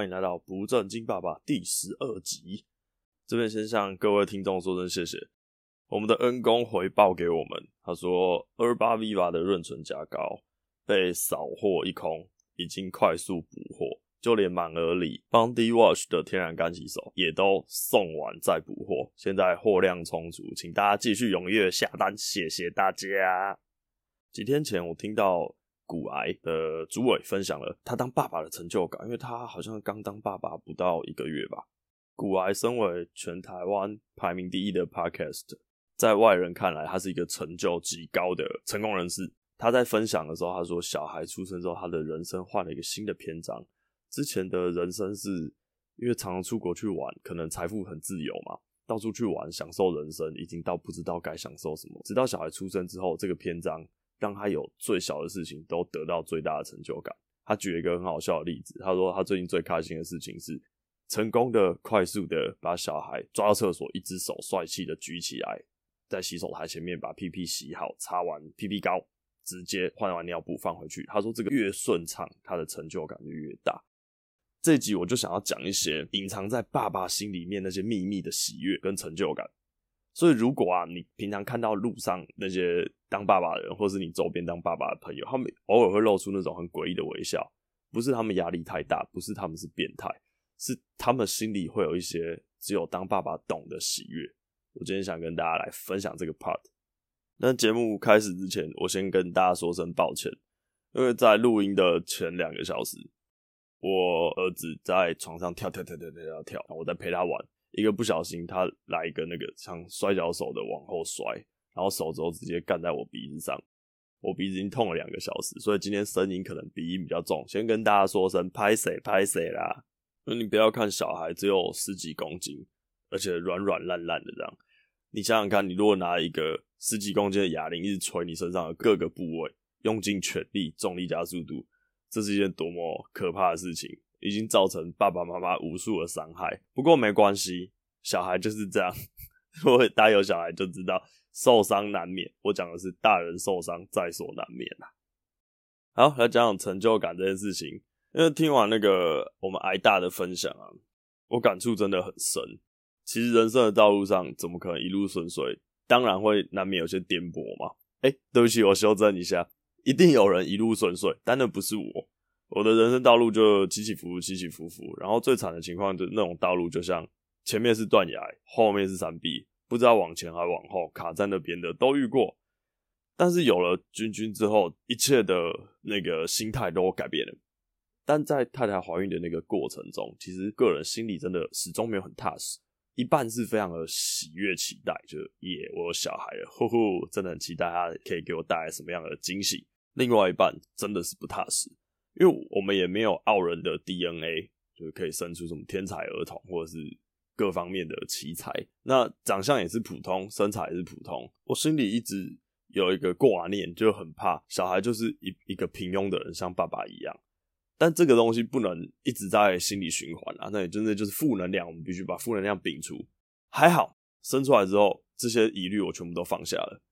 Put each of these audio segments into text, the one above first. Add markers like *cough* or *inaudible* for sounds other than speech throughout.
歡迎來到《不正經爸爸》第十二集。這邊先向各位聽眾說聲謝謝，我們的恩公回報給我們。他說：“二八 Viva 的潤唇膏高被掃貨一空，已經快速補貨，就連滿額禮 Bondi Wash 的天然乾洗手也都送完再補貨。現在貨量充足，請大家繼續踴躍下單。謝謝大家。幾天前我聽到。”古股癌的主委分享了他當爸爸的成就感，因為他好像剛當爸爸不到一個月吧。古股癌身為全台灣排名第一的 podcast，在外人看來，他是一個成就極高的成功人士。他在分享的時候，他說：“小孩出生之後，他的人生換了一個新的篇章。之前的人生是因為常常出國去玩，可能財富很自由嘛，到處去玩，享受人生，已經到不知道該享受什麼。直到小孩出生之後，這個篇章。”當他有最小的事情都得到最大的成就感。他舉了一個很好笑的例子，他說他最近最開心的事情是成功的、快速的把小孩抓到廁所，一隻手帥氣的舉起來，在洗手台前面把屁屁洗好，擦完屁屁膏，直接換完尿布放回去。他說這個越順暢，他的成就感就越大。這集我就想要講一些隱藏在爸爸心裡面那些秘密的喜悅跟成就感。所以，如果啊，你平常看到路上那些當爸爸的人，或是你周邊當爸爸的朋友，他們偶爾會露出那種很詭異的微笑，不是他們壓力太大，不是他們是變態，是他們心裡會有一些只有當爸爸懂的喜悅。我今天想跟大家來分享這個 part。那節目開始之前，我先跟大家說聲抱歉，因為在錄音的前兩個小時，我兒子在床上跳跳跳跳跳跳跳，我在陪他玩。一個不小心，他來一個那個像摔跤手，的往後摔，然後手肘直接幹在我鼻子上，我鼻子已經痛了兩個小時，所以今天聲音可能鼻音比較重。先跟大家說聲歹勢歹勢啦，你不要看小孩只有十幾公斤，而且軟軟爛爛的這樣，你想想看，你如果拿一個十幾公斤的啞鈴一直捶你身上的各個部位，用盡全力，重力加速度，這是一件多麼可怕的事情。已經造成爸爸媽媽無數的傷害，不過沒關係，小孩就是這樣， *laughs* 如果大有小孩就知道受傷難免。我講的是大人受傷在所難免啦，啊。好，來講講成就感這件事情，因為聽完那個我們挨大的分享啊，我感觸真的很深。其實人生的道路上怎麼可能一路順遂？當然會難免有些顛簸嘛。哎，對不起，我修正一下，一定有人一路順遂，但那不是我。我的人生道路就起起伏伏，起起伏伏，然後最慘的情況就是那種道路就像前面是斷崖，後面是山壁，不知道往前還往後，卡在那邊的都遇過。但是有了軍軍之後，一切的那個心態都改變了。但在太太懷孕的那個過程中，其實個人心裡真的始終沒有很踏實。一半是非常的喜悅期待，就耶，我有小孩了，呼呼，真的很期待他可以給我帶來什麼樣的驚喜。另外一半真的是不踏實。因為我們也沒有傲人的 DNA，就是可以生出什麼天才兒童或者是各方面的奇才。那長相也是普通，身材也是普通。我心裡一直有一個掛念，就很怕小孩就是一一個平庸的人，像爸爸一樣。但這個東西不能一直在心裡循環啊，那也真的就是負能量。我們必須把負能量摒除。還好生出來之後，這些疑慮我全部都放下了。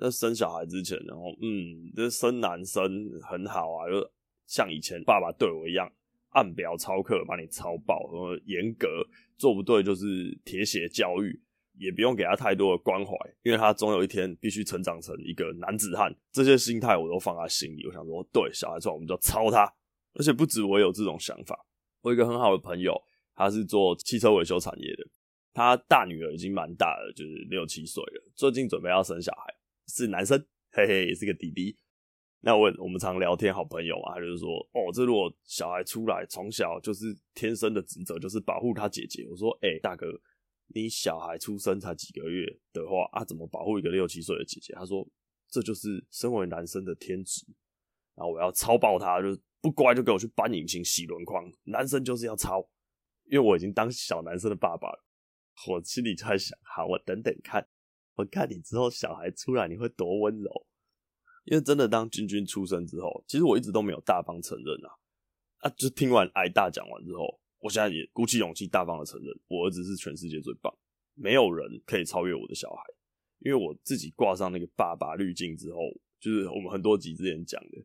那生小孩之前，然後嗯，這生男生很好啊，就。像以前爸爸對我一樣，按表操課，把你操爆，然後嚴格做不對就是鐵血教育，也不用給他太多的關懷，因為他總有一天必須成長成一個男子漢。這些心態我都放在心裡。我想說，對小孩，我們就操他，而且不止我有這種想法。我有一個很好的朋友，他是做汽車維修產業的，他大女兒已經蠻大了，就是六七歲了，最近準備要生小孩，是男生，嘿嘿，也是個弟弟。那我我們常聊天，好朋友啊，他就是、說，哦，這如果小孩出來，從小就是天生的職責，就是保護他姐姐。我說，哎、欸，大哥，你小孩出生才幾個月的話啊，怎麼保護一個六七歲的姐姐？他說，這就是身為男生的天職。然後我要操爆他，就是不乖就給我去搬引擎、洗輪框。男生就是要操，因為我已經當小男生的爸爸了。我心裡在想，好，我等等看，我看你之後小孩出來，你會多溫柔。因為真的，當君君出生之後，其實我一直都沒有大方承認啊。啊，就聽完矮大講完之後，我現在也鼓起勇氣，大方的承認，我兒子是全世界最棒，沒有人可以超越我的小孩。因為我自己掛上那個爸爸濾鏡之後，就是我們很多集之前講的，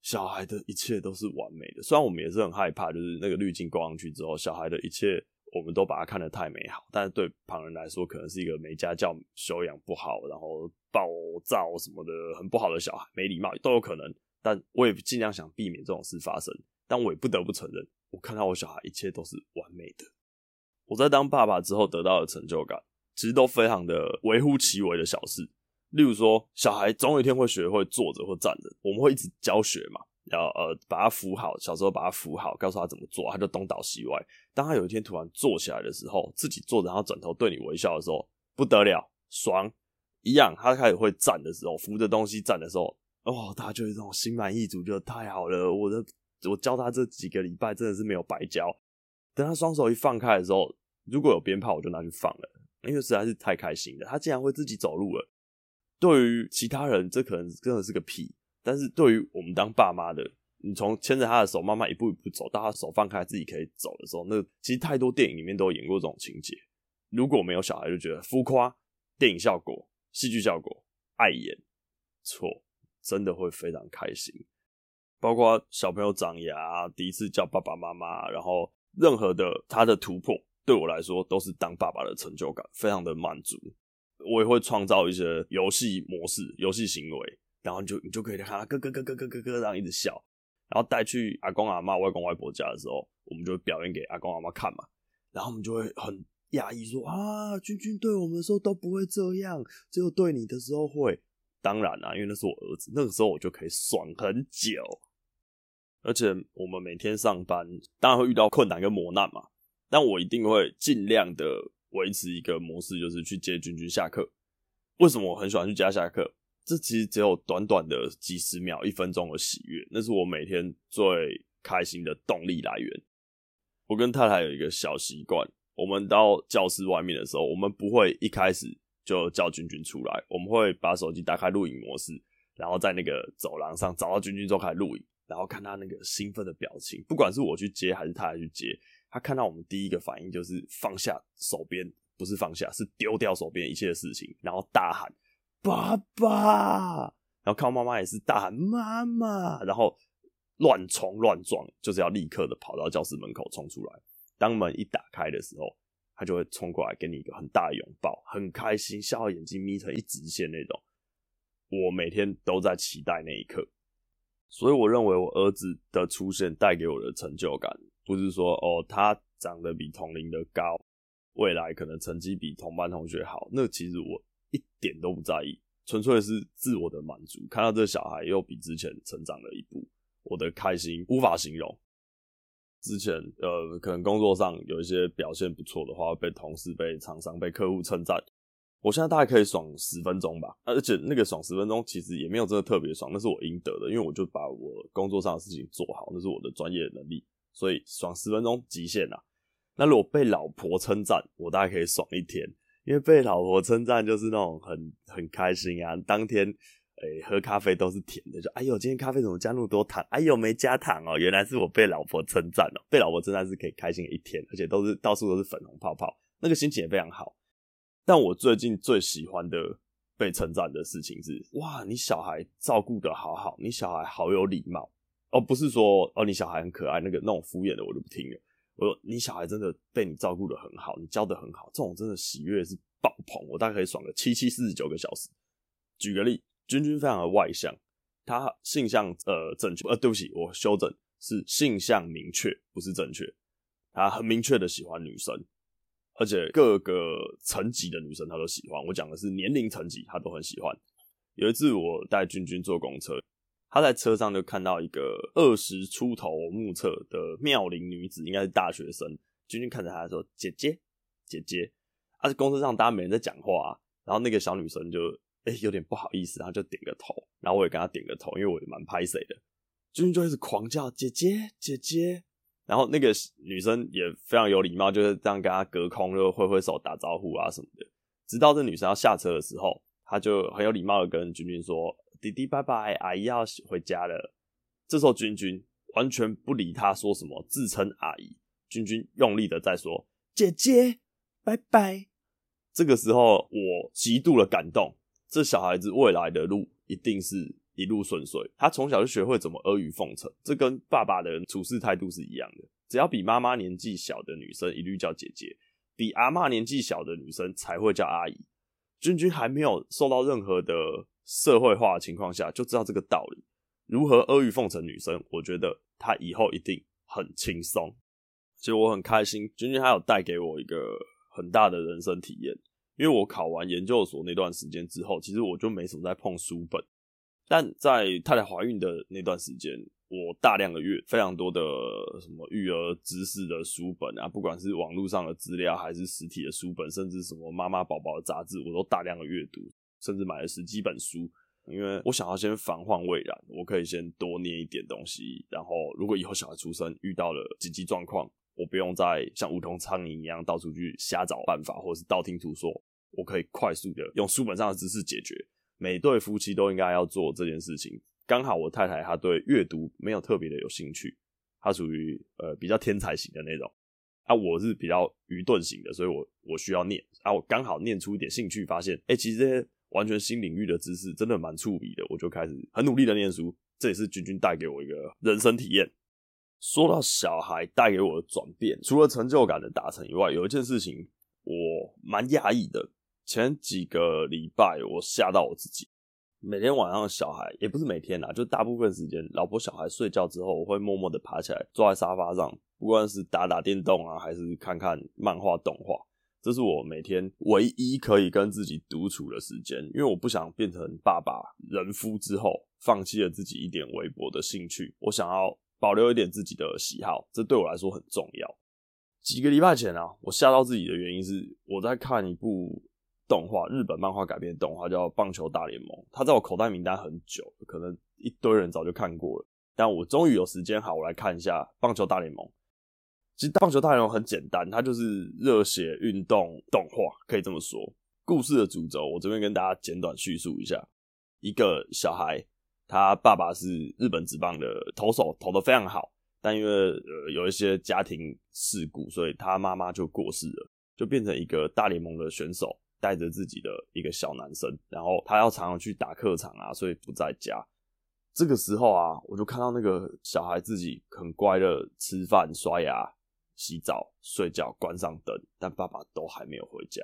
小孩的一切都是完美的。雖然我們也是很害怕，就是那個濾鏡掛上去之後，小孩的一切。我們都把它看得太美好，但是對旁人來說，可能是一個沒家教、修養不好、然後暴躁什麼的，很不好的小孩，沒禮貌都有可能。但我也盡量想避免這種事發生，但我也不得不承認，我看到我小孩一切都是完美的。我在當爸爸之後得到的成就感，其實都非常的微乎其微的小事，例如說，小孩總有一天會學會坐着或站着，我們會一直教學嘛。然後呃，把他扶好，小時候把他扶好，告訴他怎麼做，他就東倒西歪。當他有一天突然坐起來的時候，自己坐着，然後轉頭對你微笑的時候，不得了，爽一樣。他開始會站的時候，扶着東西站的時候，哦，他就是這種心滿意足，覺得太好了。我的，我教他這幾個禮拜真的是沒有白教。等他雙手一放開的時候，如果有鞭炮，我就拿去放了，因為實在是太開心了。他竟然會自己走路了。對於其他人，這可能真的是個屁。但是對於我們當爸媽的，你從牽着他的手，慢慢一步一步走到他手放開自己可以走的時候，那其實太多電影裡面都有演過這種情節。如果沒有小孩，就覺得浮誇，電影效果、戲劇效果、愛演。錯，真的會非常開心。包括小朋友長牙，第一次叫爸爸媽媽，然後任何的他的突破，對我來說都是當爸爸的成就感，非常的滿足。我也會創造一些遊戲模式、遊戲行為。然後就你就可以看他咯咯咯咯咯咯咯，然後一直笑。然後帶去阿公阿嬤、外公外婆家的時候，我們就會表演給阿公阿嬤看嘛。然後我們就會很訝異，說啊，君君對我們的時候都不會這樣，只有對你的時候會。當然啦，因為那是我兒子，那個時候我就可以爽很久。而且我們每天上班，當然會遇到困難跟磨難嘛。但我一定會盡量的維持一個模式，就是去接君君下課。為什麼我很喜歡去接他下課？這其實只有短短的幾十秒、一分鐘的喜悅，那是我每天最開心的動力來源。我跟太太有一個小習慣，我們到教室外面的時候，我們不會一開始就叫君君出來，我們會把手機打開錄影模式，然後在那個走廊上找到君君之後開始錄影，然後看他那個興奮的表情。不管是我去接還是太太去接，他看到我們第一個反應就是放下手邊，不是放下，是丟掉手邊一切的事情，然後大喊。爸爸，然後看我媽媽也是大喊媽媽，然後亂衝亂撞，就是要立刻的跑到教室門口衝出來。當門一打開的時候，他就會衝過來給你一個很大的擁抱，很開心，笑到眼睛眯成一直線那種。我每天都在期待那一刻，所以我認為我兒子的出現帶給我的成就感，不是說哦他長得比同齡的高，未來可能成績比同班同學好，那其實我。一點都不在意，純粹是自我的滿足。看到這個小孩又比之前成長了一步，我的開心無法形容。之前呃，可能工作上有一些表現不錯的話，被同事、被廠商、被客戶稱讚，我現在大概可以爽十分鐘吧。而且那個爽十分鐘其實也沒有真的特別爽，那是我應得的，因為我就把我工作上的事情做好，那是我的專業能力，所以爽十分鐘極限了。那如果被老婆稱讚，我大概可以爽一天。因為被老婆稱讚，就是那種很很開心啊。當天，誒、欸，喝咖啡都是甜的，就哎呦，今天咖啡怎麼加那麼多糖？哎呦，沒加糖哦，原來是我被老婆稱讚哦。被老婆稱讚是可以開心的一天，而且都是到處都是粉紅泡泡，那個心情也非常好。但我最近最喜歡的被稱讚的事情是，哇，你小孩照顧得好好，你小孩好有禮貌哦，不是說哦，你小孩很可愛，那個那種敷衍的我就不聽了。我說你小孩真的被你照顧得很好，你教得很好，這種真的喜悅是爆棚，我大概可以爽個七七四十九個小時。舉個例，君君非常的外向，他性向呃正確呃，對不起，我修正，是性向明確，不是正確，他很明確的喜歡女生，而且各個層級的女生他都喜歡。我講的是年齡層級，他都很喜歡。有一次我帶君君坐公車。他在車上就看到一個二十出頭、目測的妙齡女子，應該是大學生。君君看着他說：“姐姐，姐姐。啊”而且公車上大家沒人在講話，啊，然後那個小女生就哎、欸、有點不好意思，然後就點個頭。然後我也跟她點個頭，因為我也蠻拍誰的。君君就開始狂叫：“姐姐，姐姐！”然後那個女生也非常有禮貌，就是這樣跟她隔空就揮揮手打招呼啊什麼的。直到這女生要下車的時候，她就很有禮貌的跟君君說。弟弟拜拜，阿姨要回家了。這時候君君完全不理他說什麼，自稱阿姨。君君用力的在說：“姐姐拜拜。”這個時候我極度的感動，這小孩子未來的路一定是一路順遂。他從小就學會怎麼阿諛奉承，這跟爸爸的處事態度是一樣的。只要比媽媽年紀小的女生一律叫姐姐，比阿嬤年紀小的女生才會叫阿姨。君君還沒有受到任何的。社會化的情況下就知道這個道理，如何阿諛奉承女生，我覺得她以後一定很輕鬆。其實我很開心，君君她有帶給我一個很大的人生體驗。因為我考完研究所那段時間之後，其實我就沒什麼在碰書本。但在太太懷孕的那段時間，我大量的閱，非常多的什麼育兒知識的書本啊，不管是網絡上的資料，還是實體的書本，甚至什麼媽媽寶寶的雜誌，我都大量的閱讀。甚至買了十幾本書，因為我想要先防患未然，我可以先多念一點東西。然後，如果以後小孩出生遇到了緊急狀況，我不用再像無頭蒼蠅一樣到處去瞎找辦法，或是道聽途說，我可以快速的用書本上的知識解決。每對夫妻都應該要做這件事情。剛好我太太她對閱讀沒有特別的有興趣，她屬於呃比較天才型的那種，啊，我是比較愚鈍型的，所以我我需要念啊，我剛好念出一點興趣，發現哎、欸，其實這些。完全新領域的知識真的蠻觸底的，我就開始很努力的念書，這也是君君帶給我一個人生體驗。說到小孩帶給我的轉變，除了成就感的達成以外，有一件事情我蠻訝異的。前幾個禮拜我嚇到我自己，每天晚上的小孩也不是每天啦，就大部分時間，老婆小孩睡覺之後，我會默默的爬起來，坐在沙發上，不管是打打電動啊，還是看看漫畫動畫。這是我每天唯一可以跟自己獨處的時間，因為我不想變成爸爸人夫之後，放棄了自己一點微薄的興趣。我想要保留一點自己的喜好，這對我來說很重要。幾個禮拜前啊，我嚇到自己的原因是我在看一部動畫，日本漫畫改編動畫叫《棒球大聯盟》，它在我口袋名單很久，可能一堆人早就看過了，但我終於有時間，好我來看一下《棒球大聯盟》。其實棒球大聯盟很簡單，它就是熱血運動動畫，可以這麼說。故事的主軸，我這邊跟大家簡短敘述一下：一個小孩，他爸爸是日本職棒的投手，投得非常好，但因為呃有一些家庭事故，所以他媽媽就過世了，就變成一個大聯盟的選手，帶着自己的一個小男生，然後他要常常去打客場啊，所以不在家。這個時候啊，我就看到那個小孩自己很乖的吃飯刷牙。洗澡、睡覺、關上燈，但爸爸都還沒有回家。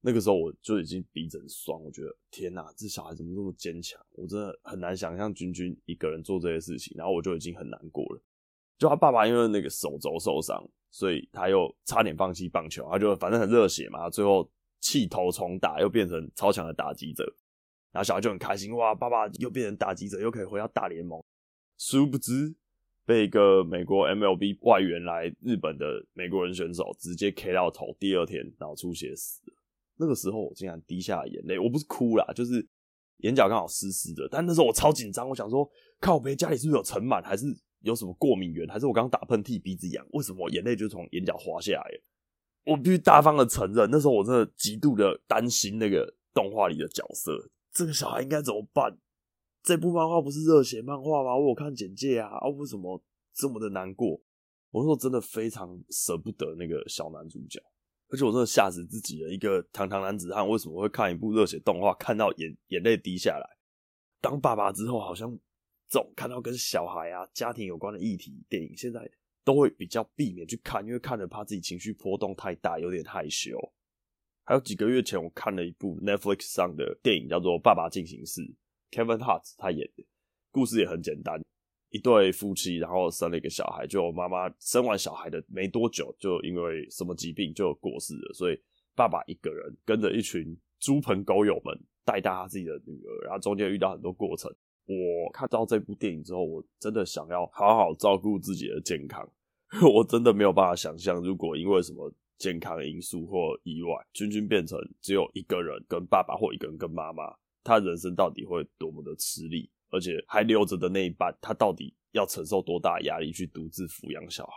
那個時候我就已經鼻子酸，我覺得天吶、啊，這小孩怎麼這麼堅強？我真的很難想象君君一個人做這些事情，然後我就已經很難過了。就他爸爸因為那個手肘受傷，所以他又差點放棄棒球，他就反正很熱血嘛，最後棄投從打又變成超強的打擊者，然後小孩就很開心，哇，爸爸又變成打擊者，又可以回到大聯盟。殊不知。被一個美國 MLB 外援來日本的美國人選手直接 K 到頭，第二天腦出血死了。那個時候我竟然滴下了眼淚，我不是哭啦，就是眼角剛好濕濕的。但那時候我超緊張，我想說，靠北家裡是不是有塵蟎，還是有什麼過敏原，還是我剛打噴嚏鼻子癢，為什麼我眼淚就從眼角滑下來？我必須大方的承認，那時候我真的極度的擔心那個動畫裡的角色，這個小孩應該怎麼辦？這部漫畫不是熱血漫畫嗎？我有看簡介啊，啊，我為什麼這麼的難過？我說真的非常捨不得那個小男主角，而且我真的嚇死自己了。一個堂堂男子漢為什麼會看一部熱血動畫，看到眼眼淚滴下來？當爸爸之後，好像總看到跟小孩啊、家庭有關的議題電影，現在都會比較避免去看，因為看了怕自己情緒波動太大，有點害羞。還有幾個月前，我看了一部 Netflix 上的電影，叫做《爸爸進行式》。Kevin Hart 他演的，故事也很簡單，一對夫妻，然後生了一個小孩，就媽媽生完小孩的沒多久，就因為什麼疾病就有過世了，所以爸爸一個人跟着一群豬朋狗友們帶大他自己的女兒，然後中間遇到很多過程。我看到這部電影之後，我真的想要好好照顧自己的健康， *laughs* 我真的沒有辦法想象，如果因為什麼健康的因素或意外，君君變成只有一個人跟爸爸，或一個人跟媽媽。他人生到底會多麼的吃力，而且還留着的那一半，他到底要承受多大的壓力去獨自撫養小孩？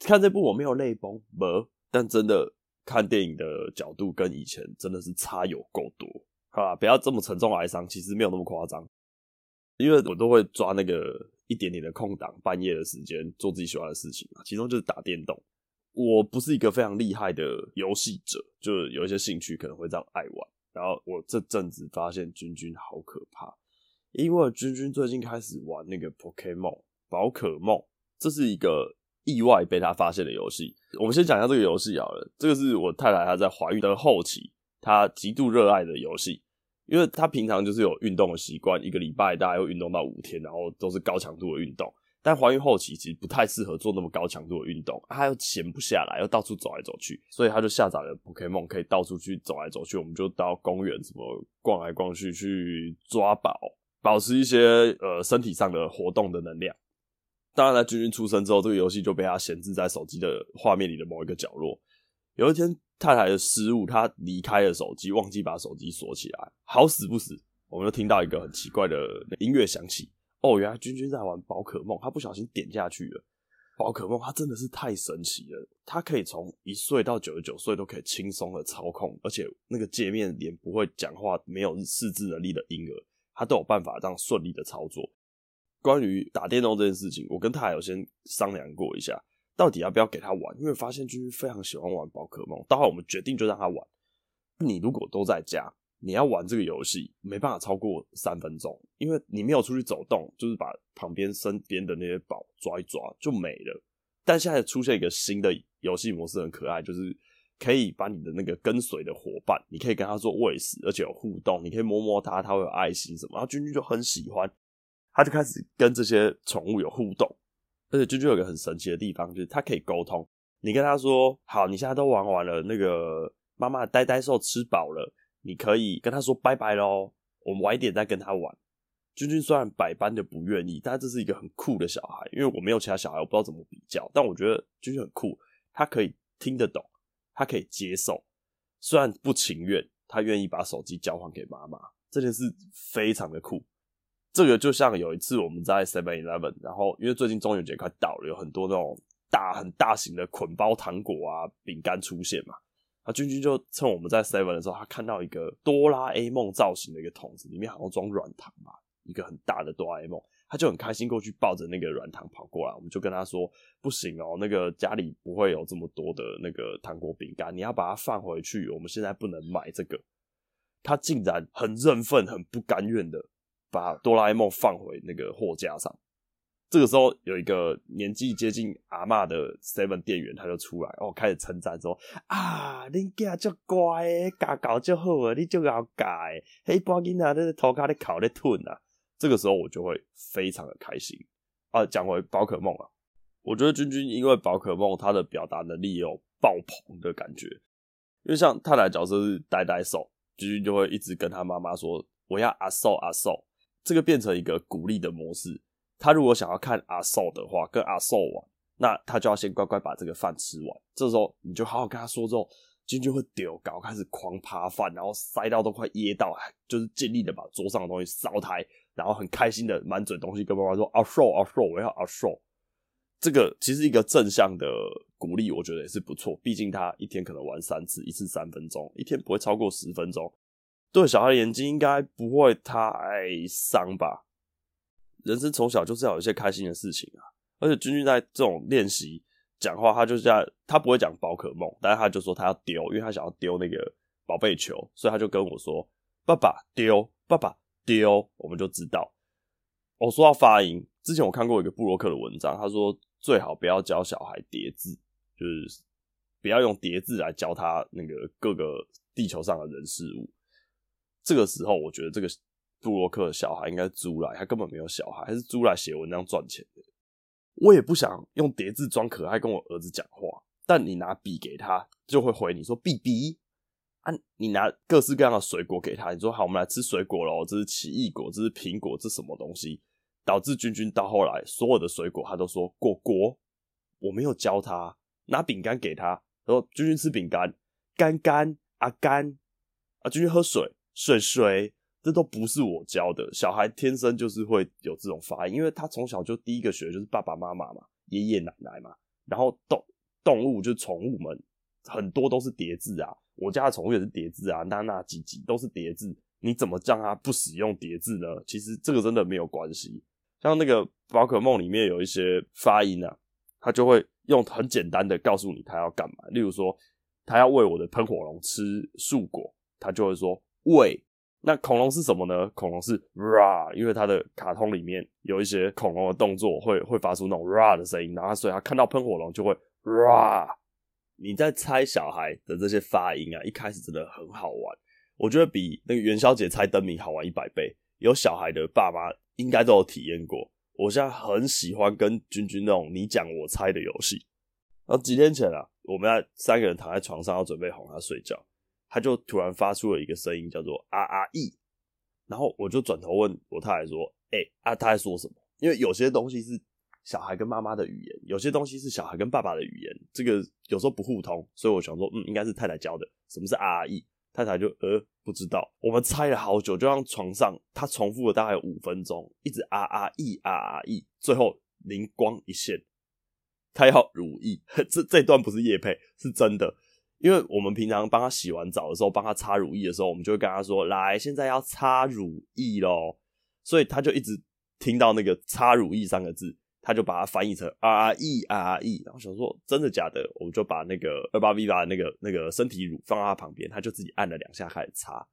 看這部我沒有淚崩，沒，但真的看電影的角度跟以前真的是差有夠多啊！好啦，不要這麼沉重的哀傷，其實沒有那麼誇張，因為我都會抓那個一點點的空檔，半夜的時間做自己喜歡的事情，其中就是打電動。我不是一個非常厲害的遊戲者，就是有一些興趣可能會這樣愛玩。然後我這陣子發現君君好可怕，因為君君最近開始玩那個 Pokémon 寶可夢，這是一個意外被他發現的遊戲。我們先講一下這個遊戲好了，這個是我太太她在懷孕的後期，她極度熱愛的遊戲，因為她平常就是有運動的習慣，一個禮拜大概會運動到五天，然後都是高強度的運動。但懷孕後期其實不太適合做那麼高強度的運動，他又閒不下來，又到處走來走去，所以他就下載了《Pokémon》，可以到處去走來走去。我們就到公園，什麼逛來逛去，去抓寶，保持一些呃身體上的活動的能量。當然，在軍軍出生之後，這個遊戲就被他閒置在手機的畫面裡的某一個角落。有一天，太太的失誤，他離開了手機，忘記把手機鎖起來，好死不死，我們就聽到一個很奇怪的音樂響起。哦，oh, 原來君君在玩寶可夢，他不小心點下去了。寶可夢它真的是太神奇了，它可以從一歲到九十九歲都可以輕鬆的操控，而且那個界面，連不會講話、沒有識字能力的嬰兒，他都有辦法這樣順利的操作。關於打電動這件事情，我跟他還有先商量過一下，到底要不要給他玩？因為發現君君非常喜歡玩寶可夢，到後來我們決定就讓他玩。你如果都在家。你要玩這個遊戲沒辦法超過三分鐘，因為你沒有出去走動，就是把旁邊身邊的那些寶抓一抓就沒了。但現在出現一個新的遊戲模式很可愛，就是可以把你的那個跟隨的夥伴，你可以跟它做餵食，而且有互動，你可以摸摸它，它會有愛心什麼。然後君君就很喜歡，他就開始跟這些寵物有互動。而且君君有一個很神奇的地方，就是它可以溝通。你跟他說好，你現在都玩完了，那個媽媽呆呆獸吃飽了，你可以跟他說拜拜咯，我們晚一點再跟他玩。君君雖然百般的不願意，但這是一個很酷的小孩，因為我沒有其他小孩，我不知道怎麼比較，但我覺得君君很酷，他可以聽得懂，他可以接受，雖然不情願，他願意把手機交還給媽媽，這件事非常的酷。這個就像有一次我們在 Seven Eleven，然後因為最近中元節快到了，有很多那種大很大型的捆包糖果啊、餅乾出現嘛。啊，君君就趁我們在 seven 的時候，他看到一個哆啦 A 夢造型的一個桶子，裡面好像裝軟糖嘛，一個很大的哆啦 A 夢，他就很開心過去抱着那個軟糖跑過來，我們就跟他說：“不行哦，那個家裡不會有這麼多的那個糖果餅乾，你要把它放回去。”我們現在不能買這個。他竟然很認份、很不甘願的把哆啦 A 夢放回那個貨架上。這個時候有一個年紀接近阿嬤的 Seven 店員，他就出來哦，開始稱讚說：“啊，你這樣就乖，嘎嘎就好了鳥鳥啊，你就要改。”嘿，寶吉娜，頭殼你考的吞啊！這個時候我就會非常的開心啊。講回寶可夢啊，我覺得君君因為寶可夢，他的表達能力有爆棚的感覺，因為像他來角色是呆呆獸，君君就會一直跟他媽媽說：“我要阿獸阿獸。”這個變成一個鼓勵的模式。他如果想要看阿壽的話，跟阿壽玩，那他就要先乖乖把這個飯吃完。這時候你就好好跟他說，之後進去會丟，開始狂扒飯，然後塞到都快噎到，就是盡力的把桌上的東西掃開，然後很開心的滿嘴東西跟媽媽說：“阿壽，阿壽，我要阿壽。”這個其實一個正向的鼓勵，我覺得也是不錯。畢竟他一天可能玩三次，一次三分鐘，一天不會超過十分鐘，對小孩的眼睛應該不會太傷吧。人生從小就是要有一些開心的事情啊，而且君君在這種練習講話，他就是在他不會講寶可夢，但是他就說他要丟，因為他想要丟那個寶貝球，所以他就跟我說：“爸爸丟，爸爸丟。”我們就知道。我說到發音，之前我看過一個部落客的文章，他說最好不要教小孩疊字，就是不要用疊字來教他那個各個地球上的人事物。這個時候，我覺得這個。部落客小孩應該是租來，他根本沒有小孩，還是租來寫文章賺錢的。我也不想用疊字裝可愛跟我兒子講話，但你拿筆給他就會回你說“筆筆”，啊，你拿各式各樣的水果給他，你說“好，我們來吃水果咯，這是奇異果，這是蘋果，這是什麼東西？導致君君到後來所有的水果他都說“果果”，我沒有教他，拿餅乾給他，說“君君吃餅乾乾乾阿乾啊”，啊君君喝水水水。這都不是我教的，小孩天生就是會有這種發音，因為他從小就第一個學的就是爸爸媽媽嘛、爺爺奶奶嘛，然後動動物就是寵物們很多都是疊字啊，我家的寵物也是疊字啊，娜娜、吉吉都是疊字，你怎麼讓他不使用疊字呢？其實這個真的沒有關係，像那個寶可夢裡面有一些發音啊，他就會用很簡單的告訴你他要幹嘛，例如說他要餵我的噴火龍吃樹果，他就會說餵。那恐龍是什麼呢？恐龍是“ Ra，因為它的卡通裡面有一些恐龍的動作會會發出那種“ Ra 的聲音，然後所以他看到噴火龍就會“ Ra。你在猜小孩的這些發音啊，一開始真的很好玩，我覺得比那個元宵節猜燈謎好玩一百倍。有小孩的爸媽應該都有體驗過。我現在很喜歡跟君君那種你講我猜的遊戲。然後幾天前啊，我們在三個人躺在床上要準備哄他睡覺。他就突然發出了一個聲音，叫做、R “啊啊 e”，然後我就轉頭問我太太說、欸：“哎啊，他在說什麼？”因為有些東西是小孩跟媽媽的語言，有些東西是小孩跟爸爸的語言，這個有時候不互通，所以我想說，嗯，應該是太太教的。什麼是、R “啊啊 e”？太太就呃不知道。我們猜了好久，就讓床上他重複了大概五分鐘，一直、R “啊啊 e 啊啊 e”，最後靈光一現，他要如意。這這段不是業配，是真的。因為我們平常幫他洗完澡的時候，幫他擦乳液的時候，我們就會跟他說：“來，現在要擦乳液咯。”所以他就一直聽到那個“擦乳液”三個字，他就把它翻譯成 “r e r e”，然後想說：“真的假的？”我們就把那個二八 V 八那個那個身體乳放到他旁邊，他就自己按了兩下開始擦。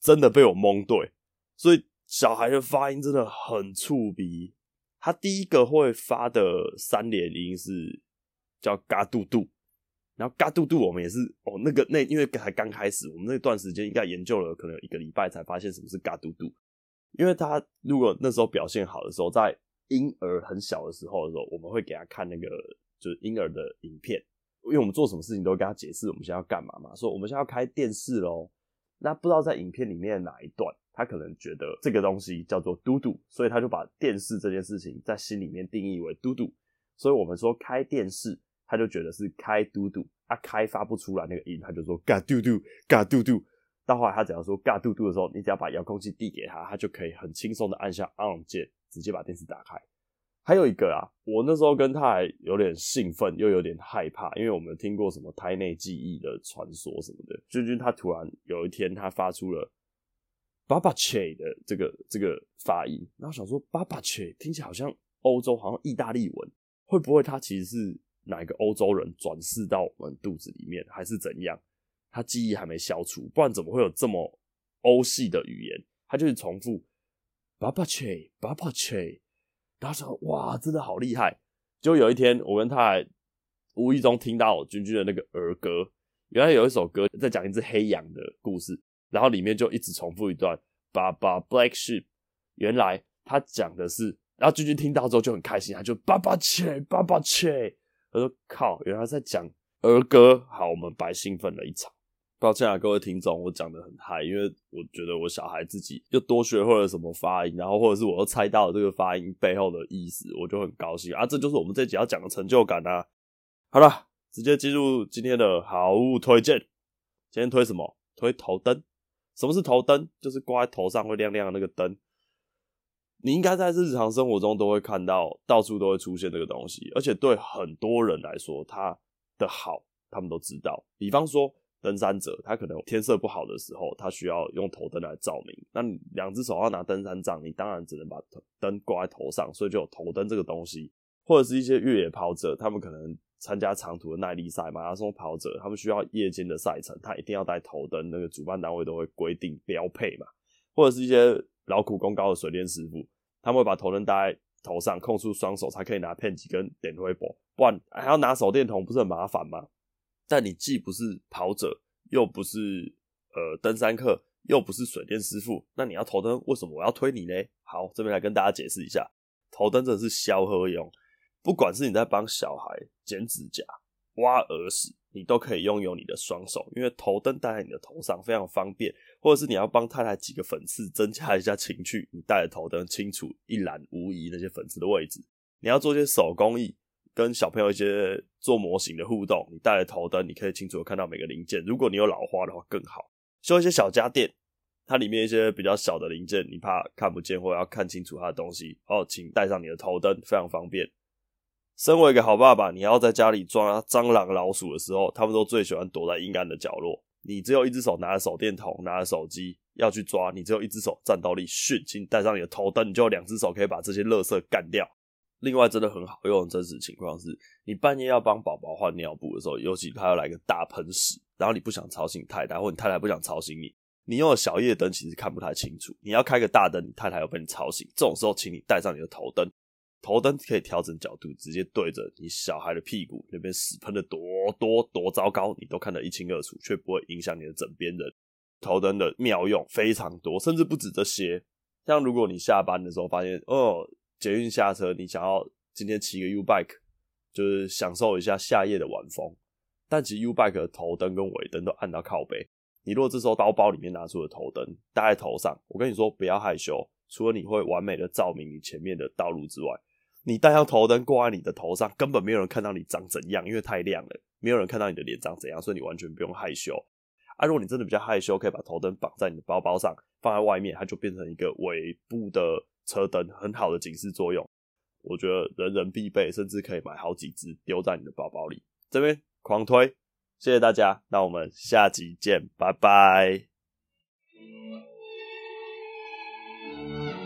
真的被我蒙對，所以小孩的發音真的很粗鄙，他第一個會發的三連音是叫嘎嘟嘟“嘎嘟嘟”。然後嘎嘟嘟。我們也是哦，那個那因為還剛、剛開始，我們那段時間應該研究了可能有一個禮拜，才發現什麼是嘎嘟嘟。因為他如果那時候表現好的時候，在嬰兒很小的時候的時候，我們會給他看那個就是嬰兒的影片，因為我們做什麼事情都會跟他解釋我們現在要幹嘛嘛，說我們現在要開電視嘍。那不知道在影片裡面哪一段，他可能覺得這個東西叫做嘟嘟，所以他就把電視這件事情在心裡面定義為嘟嘟。所以我們說開電視。他就覺得是開嘟嘟，他、啊、開發不出來那個音，他就說嘎嘟嘟、嘎嘟嘟、嘟嘟。到後來他只要說嘎嘟、嘟嘟的時候，你只要把遙控器遞給他，他就可以很輕鬆的按下按鍵，直接把電視打開。還有一個啊，我那時候跟他還有點興奮，又有點害怕，因為我們有聽過什麼胎內記憶的傳說什麼的。君君他突然有一天，他發出了爸爸 b 的這個這個發音，然後想說爸爸 b 聽起來好像歐洲，好像意大利文，會不會他其實是？哪一個歐洲人轉世到我們肚子裡面，還是怎樣？他記憶還沒消除，不然怎麼會有這麼歐系的語言？他就是重複“爸爸切，爸爸切”。大家說：“哇，真的好厲害！”就有一天，我跟他還無意中聽到我君君的那個兒歌，原來有一首歌在講一隻黑羊的故事，然後裡面就一直重複一段“爸爸 black sheep”。原來他講的是，然後君君聽到之後就很開心，他就“爸爸切，爸爸切”。我說靠，原來在講兒歌，好，我們白興奮了一場。抱歉啊，各位聽眾，我講得很嗨，因為我覺得我小孩自己又多學會了什麼發音，然後或者是我又猜到了這個發音背後的意思，我就很高興啊，這就是我們這集要講的成就感啊。好了，直接進入今天的好物推薦。今天推什麼？推頭燈。什麼是頭燈？就是掛在頭上會亮亮的那個燈。你應該在日常生活中都會看到，到處都會出現這個東西，而且對很多人來說，它的好他們都知道。比方說，登山者，他可能天色不好的時候，他需要用頭燈來照明。那兩隻手要拿登山杖，你當然只能把燈掛在頭上，所以就有頭燈這個東西。或者是一些越野跑者，他們可能參加長途的耐力賽，馬拉松跑者，他們需要夜間的賽程，他一定要戴頭燈。那個主辦單位都會規定標配嘛。或者是一些勞苦功高的水電師傅。他們會把頭燈戴在頭上，空出雙手才可以拿片機跟點微博。不然還要拿手電筒，不是很麻煩嗎？但你既不是跑者，又不是呃、登山客，又不是水電師傅，那你要頭燈，為什麼我要推你呢？好，這邊來跟大家解釋一下，頭燈真的是消和用，不管是你在幫小孩剪指甲。挖耳屎，你都可以擁有你的雙手，因為頭燈戴在你的頭上非常方便。或者是你要幫太太幾個粉刺增加一下情趣，你戴着頭燈，清楚一覽無遺那些粉刺的位置。你要做一些手工藝，跟小朋友一些做模型的互動，你戴着頭燈，你可以清楚地看到每個零件。如果你有老花的話更好。修一些小家電，它裡面一些比較小的零件，你怕看不見或要看清楚它的東西哦，請戴上你的頭燈，非常方便。身為一個好爸爸，你要在家裡抓蟑螂、老鼠的時候，他們都最喜歡躲在陰暗的角落。你只有一隻手拿着手電筒，拿着手機要去抓，你只有一隻手，戰鬥力遜，請你帶上你的頭燈，你就有兩隻手可以把這些垃圾幹掉。另外，真的很好用。真實情況是你半夜要幫寶寶換尿布的時候，尤其他要來個大噴屎，然後你不想吵醒太太，或者你太太不想吵醒你，你用的小夜燈其實看不太清楚。你要開個大燈，你太太又被你吵醒。這種時候，請你帶上你的頭燈。頭燈可以調整角度，直接對着你小孩的屁股那邊，屎噴得多多多糟糕，你都看得一清二楚，卻不會影響你的枕邊人。頭燈的妙用非常多，甚至不止這些。像如果你下班的時候發現，哦，捷運下車，你想要今天騎個 U bike，就是享受一下夏夜的晚風，但其實 U bike 的頭燈跟尾燈都暗到靠北。你如果這時候到包裡面拿出了頭燈，戴在頭上，我跟你說不要害羞，除了你會完美的照明你前面的道路之外，你戴上頭燈掛在你的頭上，根本沒有人看到你長怎樣，因為太亮了，沒有人看到你的臉長怎樣，所以你完全不用害羞。啊，如果你真的比較害羞，可以把頭燈綁在你的包包上，放在外面，它就變成一個尾部的車燈，很好的警示作用。我覺得人人必備，甚至可以買好幾支丟在你的包包裡。這邊狂推，謝謝大家，那我們下集見，拜拜。 *music*